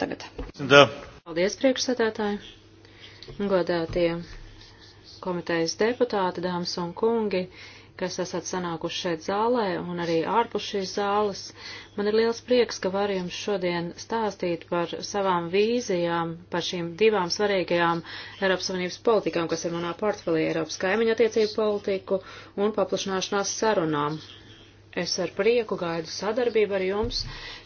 tagad. Da. Paldies, priekšsēdētāji, godātie komitejas deputāti, dāmas un kungi, kas esat sanākuši šeit zālē un arī ārpus šīs zāles. Man ir liels prieks, ka varu jums šodien stāstīt par savām vīzijām, par šīm divām svarīgajām Eiropas Savienības politikām, kas ir manā portfelī Eiropas kaimiņu attiecību politiku un paplašanāšanās sarunām Es ar prieku gaidu sadarbību ar jums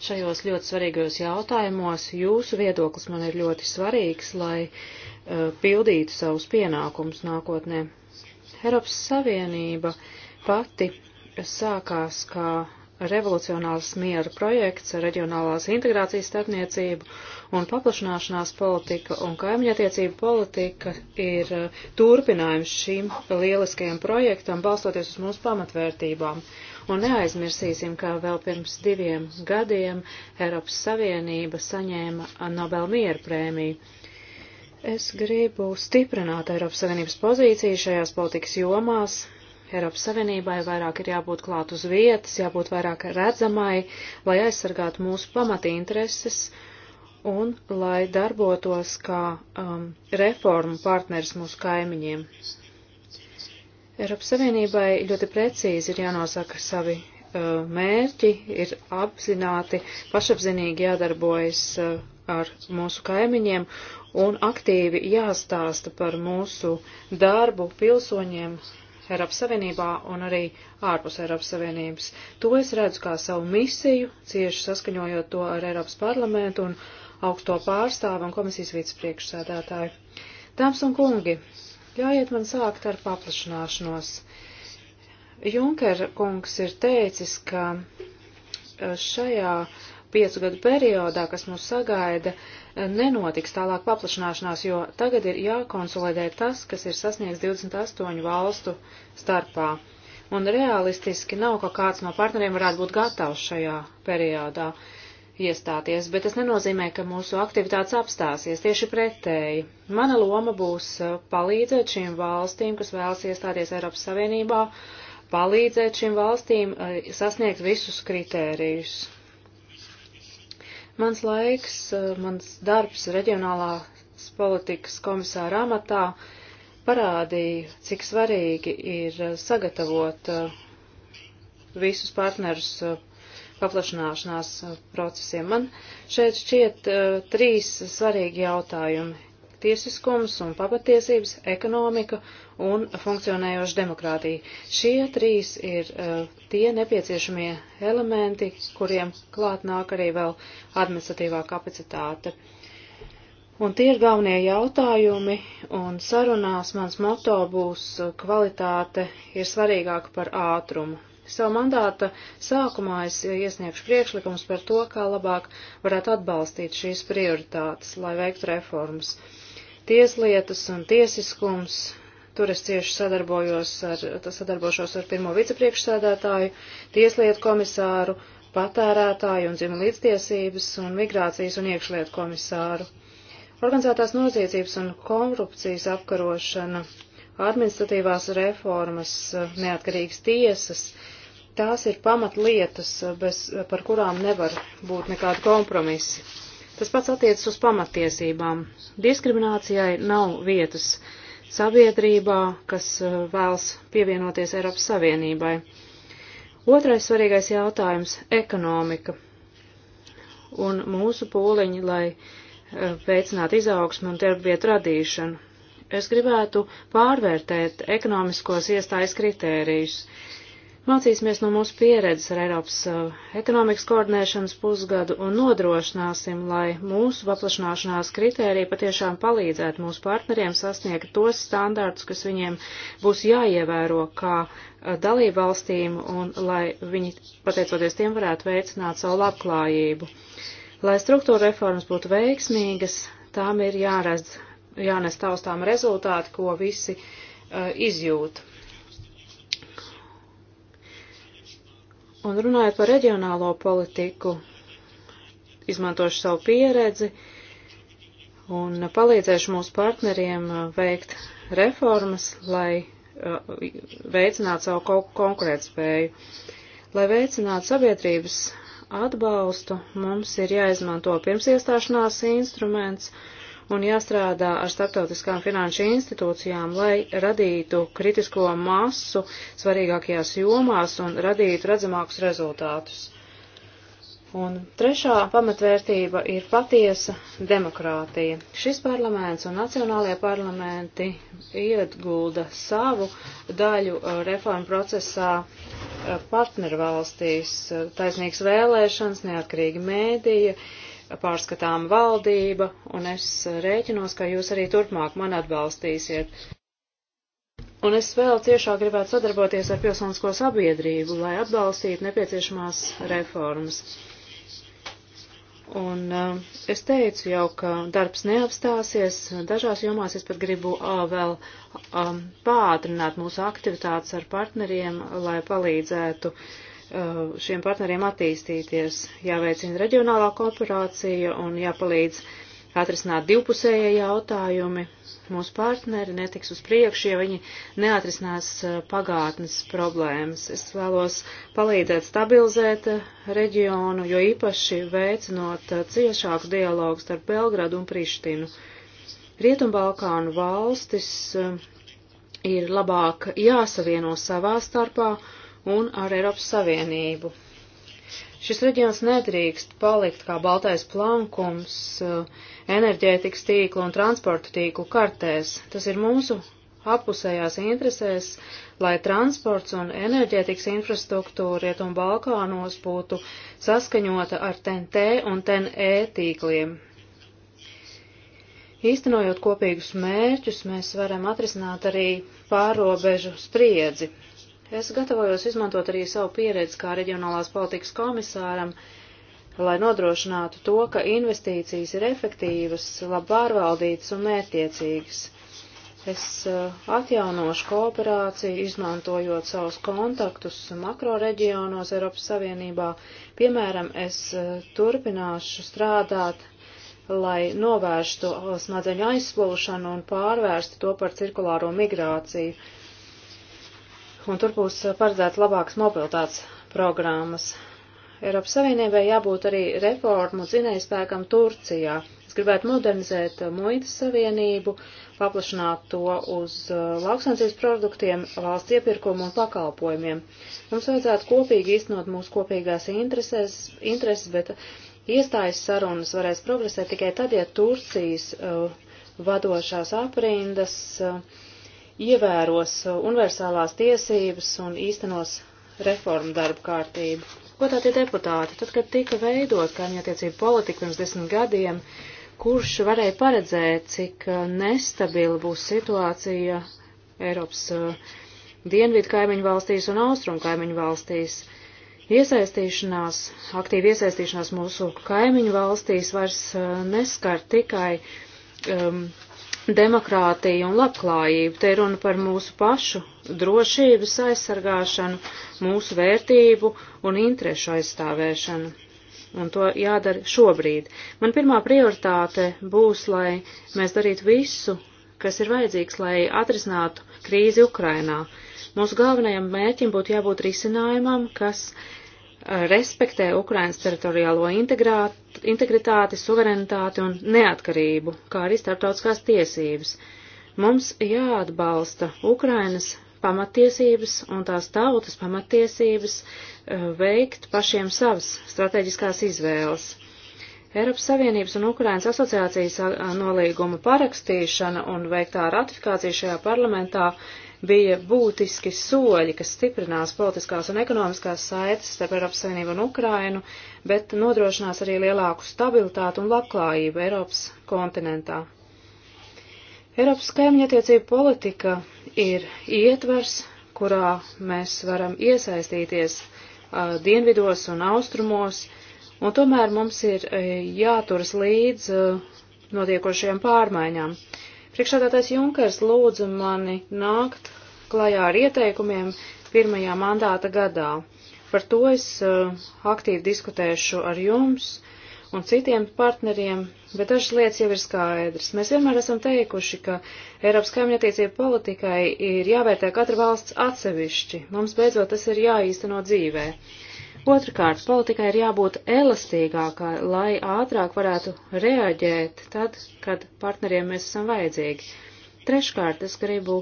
šajos ļoti svarīgajos jautājumos. Jūsu viedoklis man ir ļoti svarīgs, lai uh, pildītu savus pienākumus nākotnē. Eiropas Savienība pati sākās kā revolucionāls miera projekts, reģionālās integrācijas starpniecību un paplašanāšanās politika un kaimiņattiecību politika ir uh, turpinājums šīm lieliskajam projektam, balstoties uz mūsu pamatvērtībām. Un neaizmirsīsim, ka vēl pirms diviem gadiem Eiropas Savienība saņēma Nobel mieru prēmiju. Es gribu stiprināt Eiropas Savienības pozīciju šajās politikas jomās. Eiropas Savienībai vairāk ir jābūt klāt uz vietas, jābūt vairāk redzamai, lai aizsargātu mūsu pamatīntereses un lai darbotos kā um, reformu partners mūsu kaimiņiem. Eiropas Savienībai ļoti precīzi ir jānosaka savi uh, mērķi, ir apzināti, pašapzinīgi jādarbojas uh, ar mūsu kaimiņiem un aktīvi jāstāsta par mūsu darbu pilsoņiem Eiropas Savienībā un arī ārpus Eiropas Savienības. To es redzu kā savu misiju, cieši saskaņojot to ar Eiropas parlamentu un augsto pārstāvu un komisijas vicepriekšsēdētāju. Dāmas un kungi, Ļaujiet man sākt ar paplašināšanos. Junker kungs ir teicis, ka e, šajā piecu gadu periodā, kas mūs sagaida, e, nenotiks tālāk paplašanāšanās, jo tagad ir jākonsolidē tas, kas ir sasniegts 28 valstu starpā. Un realistiski nav, ka kāds no partneriem varētu būt gatavs šajā periodā. Uh, iestāties, bet tas nenozīmē, ka mūsu aktivitātes apstāsies tieši pretēji. Mana loma būs uh, palīdzēt šīm valstīm, kas vēlas iestāties Eiropas Savienībā, palīdzēt šīm valstīm uh, sasniegt visus kritērijus. Mans laiks, uh, mans darbs reģionālās politikas komisāra amatā parādīja, cik svarīgi ir sagatavot visus partnerus paplašanāšanās uh, procesiem. Man šeit šķiet uh, trīs svarīgi jautājumi - tiesiskums un pamatiesības, ekonomika un funkcionējoša demokrātija. Šie trīs ir uh, tie nepieciešamie elementi, kuriem klāt nāk arī vēl administratīvā kapacitāte. Un tie ir galvenie jautājumi, un sarunās mans moto būs uh, kvalitāte ir svarīgāka par ātrumu. Savu mandāta sākumā es iesniegšu priekšlikums par to, kā labāk varētu atbalstīt šīs prioritātes, lai veiktu reformas. Tieslietas un tiesiskums, tur es cieši sadarbojos ar, sadarbošos ar pirmo vicepriekšsēdētāju, tieslietu komisāru, patērētāju un dzimu līdztiesības un migrācijas un iekšlietu komisāru. Organizētās noziedzības un korupcijas apkarošana administratīvās reformas, eh, neatkarīgas tiesas, tās ir pamatlietas, eh, bez, eh, par kurām nevar būt nekāda kompromisa. Tas pats attiecas uz pamatiesībām. Diskriminācijai nav vietas sabiedrībā, kas vēlas pievienoties Eiropas Savienībai. Otrais svarīgais jautājums - ekonomika un mūsu pūliņi, lai veicinātu izaugsmu un darbvietu radīšanu es gribētu pārvērtēt ekonomiskos iestājas kritērijus. Mācīsimies no mūsu pieredzes ar Eiropas uh, ekonomikas koordinēšanas pusgadu un nodrošināsim, lai mūsu paplašanāšanās kritērija patiešām palīdzētu mūsu partneriem sasniegt tos standārtus, kas viņiem būs jāievēro kā uh, dalību valstīm un lai viņi, pateicoties tiem, varētu veicināt savu labklājību. Lai struktūra reformas būtu veiksmīgas, tām ir jāredz jānes taustām rezultāti, ko visi uh, izjūt. Un runājot par reģionālo politiku, izmantošu savu pieredzi un palīdzēšu mūsu partneriem eh, veikt reformas, lai eh, veicinātu savu konkurētspēju. Lai veicinātu sabiedrības atbalstu, mums ir jāizmanto pirms iestāšanās instruments un jāstrādā ar starptautiskām finanšu institūcijām, lai radītu kritisko masu svarīgākajās jomās un radītu redzamākus rezultātus. Un trešā pamatvērtība ir patiesa demokrātija. Šis parlaments un nacionālajie parlamenti iegulda savu daļu uh, reformu procesā uh, partnervalstīs, uh, taisnīgs vēlēšanas, neatkarīgi mēdīja, pārskatām valdība, un es rēķinos, ka jūs arī turpmāk man atbalstīsiet. Un es vēl ciešāk gribētu sadarboties ar pilsonisko sabiedrību, lai atbalstītu nepieciešamās reformas. Un uh, es teicu jau, ka darbs neapstāsies, dažās jomās es pat gribu uh, vēl um, pātrināt mūsu aktivitātes ar partneriem, lai palīdzētu uh, Uh, šiem partneriem attīstīties, jāveicina reģionālā kooperācija un jāpalīdz atrisināt divpusējie jautājumi. Mūsu partneri netiks uz priekšu, ja viņi neatrisinās uh, pagātnes problēmas. Es vēlos palīdzēt stabilizēt uh, reģionu, jo īpaši veicinot ciešāku dialogu starp Belgradu un Prištinu. Rietumbalkānu valstis ir labāk jāsavieno savā starpā un ar Eiropas Savienību. Šis reģions nedrīkst palikt kā baltais plankums uh, enerģētikas tīklu un transporta tīklu kartēs. Tas ir mūsu apusējās interesēs, lai transports un enerģētikas infrastruktūra Rietumu Balkānos būtu saskaņota ar TNT un TNE tīkliem. Īstenojot kopīgus mērķus, mēs varam atrisināt arī pārobežu spriedzi. Es gatavojos izmantot arī savu pieredzi kā reģionālās politikas komisāram, lai nodrošinātu to, ka investīcijas ir efektīvas, labi pārvaldītas un mērķiecīgas. Es eh, atjaunošu kooperāciju, izmantojot savus kontaktus makro reģionos Eiropas Savienībā. Piemēram, es eh, turpināšu strādāt lai novērstu smadzeņu aizplūšanu un pārvērstu to par cirkulāro migrāciju un tur būs eh, paredzēts labākas mobilitātes programmas. Eiropas Savienībai jābūt arī reformu zinējspēkam Turcijā. Es gribētu modernizēt eh, muitas savienību, paplašināt to uz eh, lauksansības produktiem, valsts iepirkumu un pakalpojumiem. Mums vajadzētu kopīgi iznot mūsu kopīgās intereses, intereses bet iestājas sarunas varēs progresēt tikai tad, ja Turcijas uh, vadošās aprindas uh, ievēros universālās tiesības un īstenos reformu darbu kārtību. Ko tā tie deputāti? Tad, kad tika veidot kaimiņattiecību politika pirms desmit gadiem, kurš varēja paredzēt, cik uh, nestabila būs situācija Eiropas uh, dienvidu kaimiņu valstīs un austrumu kaimiņu valstīs? Iesaistīšanās, aktīva iesaistīšanās mūsu kaimiņu valstīs vairs uh, neskar tikai um, demokrātiju un labklājību. Te ir runa par mūsu pašu drošības aizsargāšanu, mūsu vērtību un interešu aizstāvēšanu. Un to jādara šobrīd. Man pirmā prioritāte būs, lai mēs darītu visu, kas ir vajadzīgs, lai atrisinātu krīzi Ukrainā. Mūsu galvenajam mērķim būtu jābūt risinājumam, kas respektē Ukrainas teritoriālo integrāt, integritāti, suverenitāti un neatkarību, kā arī starptautiskās tiesības. Mums jāatbalsta Ukrainas pamatiesības un tās tautas pamatiesības eh, veikt pašiem savas strateģiskās izvēles. Eiropas Savienības un Ukrainas asociācijas nolīguma parakstīšana un veiktā ratifikācija šajā parlamentā bija būtiski soļi, kas stiprinās politiskās un ekonomiskās saites starp Eiropas Savienību un Ukrainu, bet nodrošinās arī lielāku stabilitātu un labklājību Eiropas kontinentā. Eiropas kaimiņattiecību politika ir ietvers, kurā mēs varam iesaistīties uh, dienvidos un austrumos, un tomēr mums ir uh, jāturas līdz uh, notiekošajām pārmaiņām. Uh, Priekšādātais Junkers lūdza mani nākt klajā ar ieteikumiem pirmajā mandāta gadā. Par to es uh, aktīvi diskutēšu ar jums un citiem partneriem, bet dažas lietas jau ir skaidrs. Mēs vienmēr esam teikuši, ka Eiropas kaimiņattiecību politikai ir jāvērtē katra valsts atsevišķi. Mums beidzot tas ir jāīsteno dzīvē. Uh, Otrakārt, politikai ir jābūt elastīgākai, lai ātrāk varētu reaģēt tad, kad partneriem mēs esam vajadzīgi. Treškārt, es gribu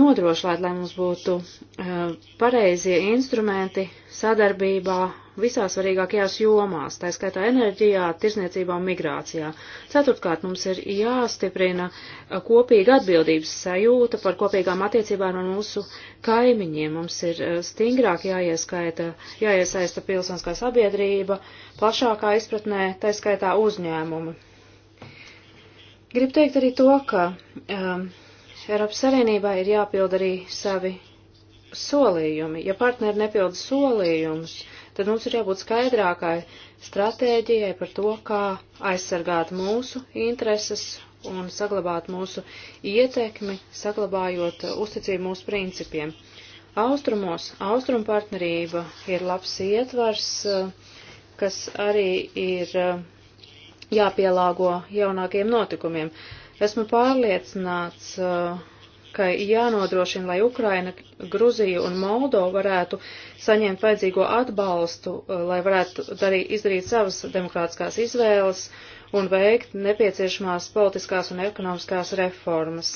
nodrošināt, lai mums būtu uh, pareizie instrumenti sadarbībā visās svarīgākajās jomās, tā skaitā enerģijā, tirzniecībā un migrācijā. Ceturtkārt, mums ir jāstiprina uh, kopīga atbildības sajūta par kopīgām attiecībām ar mūsu kaimiņiem. Mums ir uh, stingrāk jāieskaita, jāiesaista pilsoniskā sabiedrība, plašākā izpratnē, tā skaitā uzņēmumi. Gribu teikt arī to, ka um, Eiropas Savienībā ir jāpild arī savi solījumi. Ja partneri nepilda solījumus, tad mums ir jābūt skaidrākai stratēģijai par to, kā aizsargāt mūsu intereses un saglabāt mūsu ietekmi, saglabājot uzticību mūsu principiem. Austrumos, austrumu partnerība ir labs ietvars, kas arī ir jāpielāgo jaunākiem notikumiem. Esmu pārliecināts, uh, ka jānodrošina, lai Ukraina, Gruzija un Moldova varētu saņemt vajadzīgo atbalstu, eh, lai varētu darī, izdarīt savas demokrātiskās izvēles un veikt nepieciešamās politiskās un ekonomiskās reformas.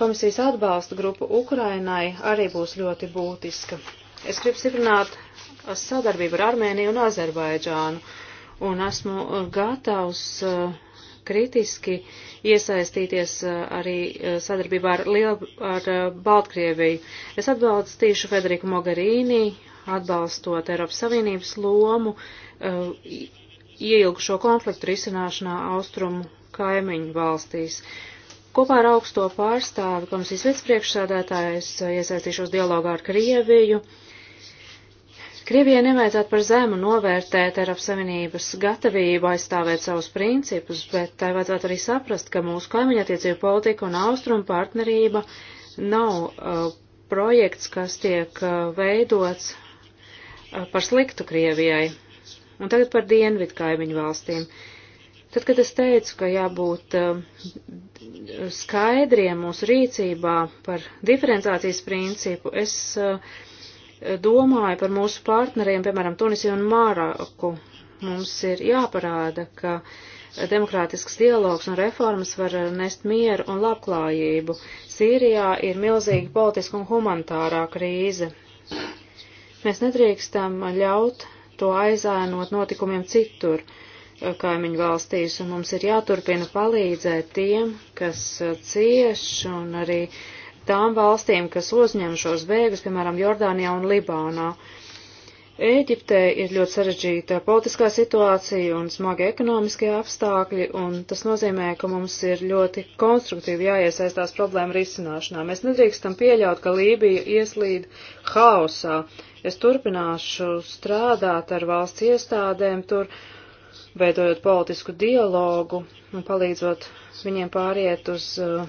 Komisijas atbalsta grupa Ukrainai arī būs ļoti būtiska. Es gribu stiprināt sadarbību ar Armēniju un Azerbaidžānu, un esmu eh, gatavs uh, kritiski iesaistīties uh, arī uh, sadarbībā ar, Lielu, ar uh, Baltkrieviju. Es atbalstīšu Federiku Mogherīni, atbalstot Eiropas Savienības lomu ieilgušo konfliktu risināšanā austrumu kaimiņu valstīs. Kopā ar augsto pārstāvi komisijas vicepriekšsādātājs iesaistīšos dialogā ar Krieviju. Uh, Krievijai nevajadzētu par zemu novērtēt Eiropas Savienības gatavību aizstāvēt savus principus, bet tai vajadzētu arī saprast, ka mūsu kaimiņattiecību politika un austrumu partnerība nav uh, projekts, kas tiek uh, veidots uh, par sliktu Krievijai. Un tagad par dienvidu kaimiņu valstīm. Tad, kad es teicu, ka jābūt uh, skaidriem mūsu rīcībā par diferenciācijas principu, es uh, domāju par mūsu partneriem, piemēram, Tunisiju un Māraku. Mums ir jāparāda, ka demokrātisks dialogs un reformas var nest mieru un labklājību. Sīrijā ir milzīga politiska un humanitārā krīze. Mēs nedrīkstam ļaut to aizēnot notikumiem citur eh, kaimiņu valstīs, un mums ir jāturpina palīdzēt tiem, kas eh, cieš un arī uh, tām valstīm, kas uzņem šos bēgus, piemēram, Jordānijā un Libānā. Ēģiptē ir ļoti sarežģīta politiskā situācija un smagi ekonomiskie apstākļi, un tas nozīmē, ka mums ir ļoti konstruktīvi jāiesaistās problēmu risināšanā. Mēs nedrīkstam pieļaut, ka Lībija ieslīd haosā. Es turpināšu strādāt ar valsts iestādēm tur, veidojot politisku dialogu un palīdzot viņiem pāriet uz uh,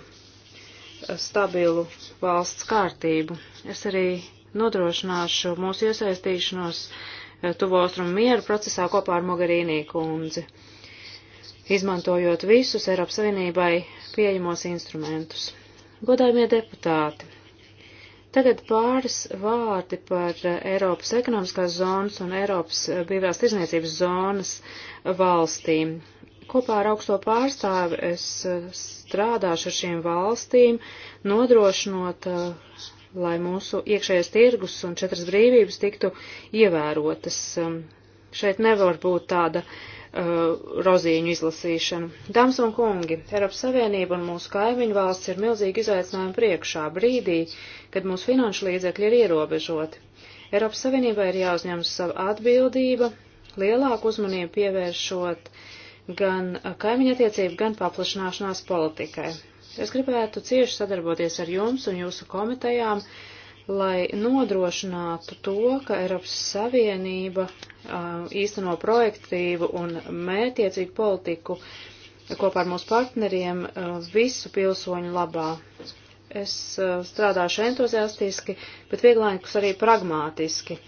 stabilu valsts kārtību. Es arī nodrošināšu mūsu iesaistīšanos eh, tuvo austrumu mieru procesā kopā ar Mogarīnī kundzi, izmantojot visus Eiropas Savienībai pieejamos instrumentus. Godājumie deputāti! Tagad pāris vārdi par eh, Eiropas ekonomiskās zonas un Eiropas eh, brīvās tirzniecības zonas valstīm. Kopā ar augsto pārstāvi es eh, strādāšu ar šīm valstīm, nodrošinot, eh, lai mūsu iekšējais tirgus un četras brīvības tiktu ievērotas. Um, šeit nevar būt tāda eh, rozīņu izlasīšanu. Dāmas un kungi, Eiropas Savienība un mūsu kaimiņu valsts ir milzīgi izaicinājumi priekšā brīdī, kad mūsu finanšu līdzekļi ir ierobežoti. Eiropas Savienībai ir jāuzņem sava atbildība, lielāku uzmanību pievēršot gan kaimiņattiecību, gan paplašanāšanās politikai. Es gribētu cieši sadarboties ar jums un jūsu komitejām, lai nodrošinātu to, ka Eiropas Savienība uh, īsteno projektīvu un mētiecīgu politiku kopā ar mūsu partneriem uh, visu pilsoņu labā. Es uh, strādāšu entuziastiski, bet vienlaikus arī pragmātiski.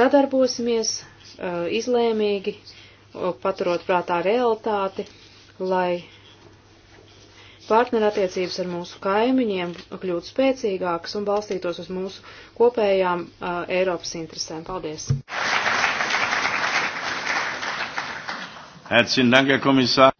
Sadarbosimies izlēmīgi, paturot prātā realitāti, lai partnerattiecības ar mūsu kaimiņiem kļūtu spēcīgākas un balstītos uz mūsu kopējām uh, Eiropas interesēm. Paldies! Herzlichen Dank, Herr Kommissar.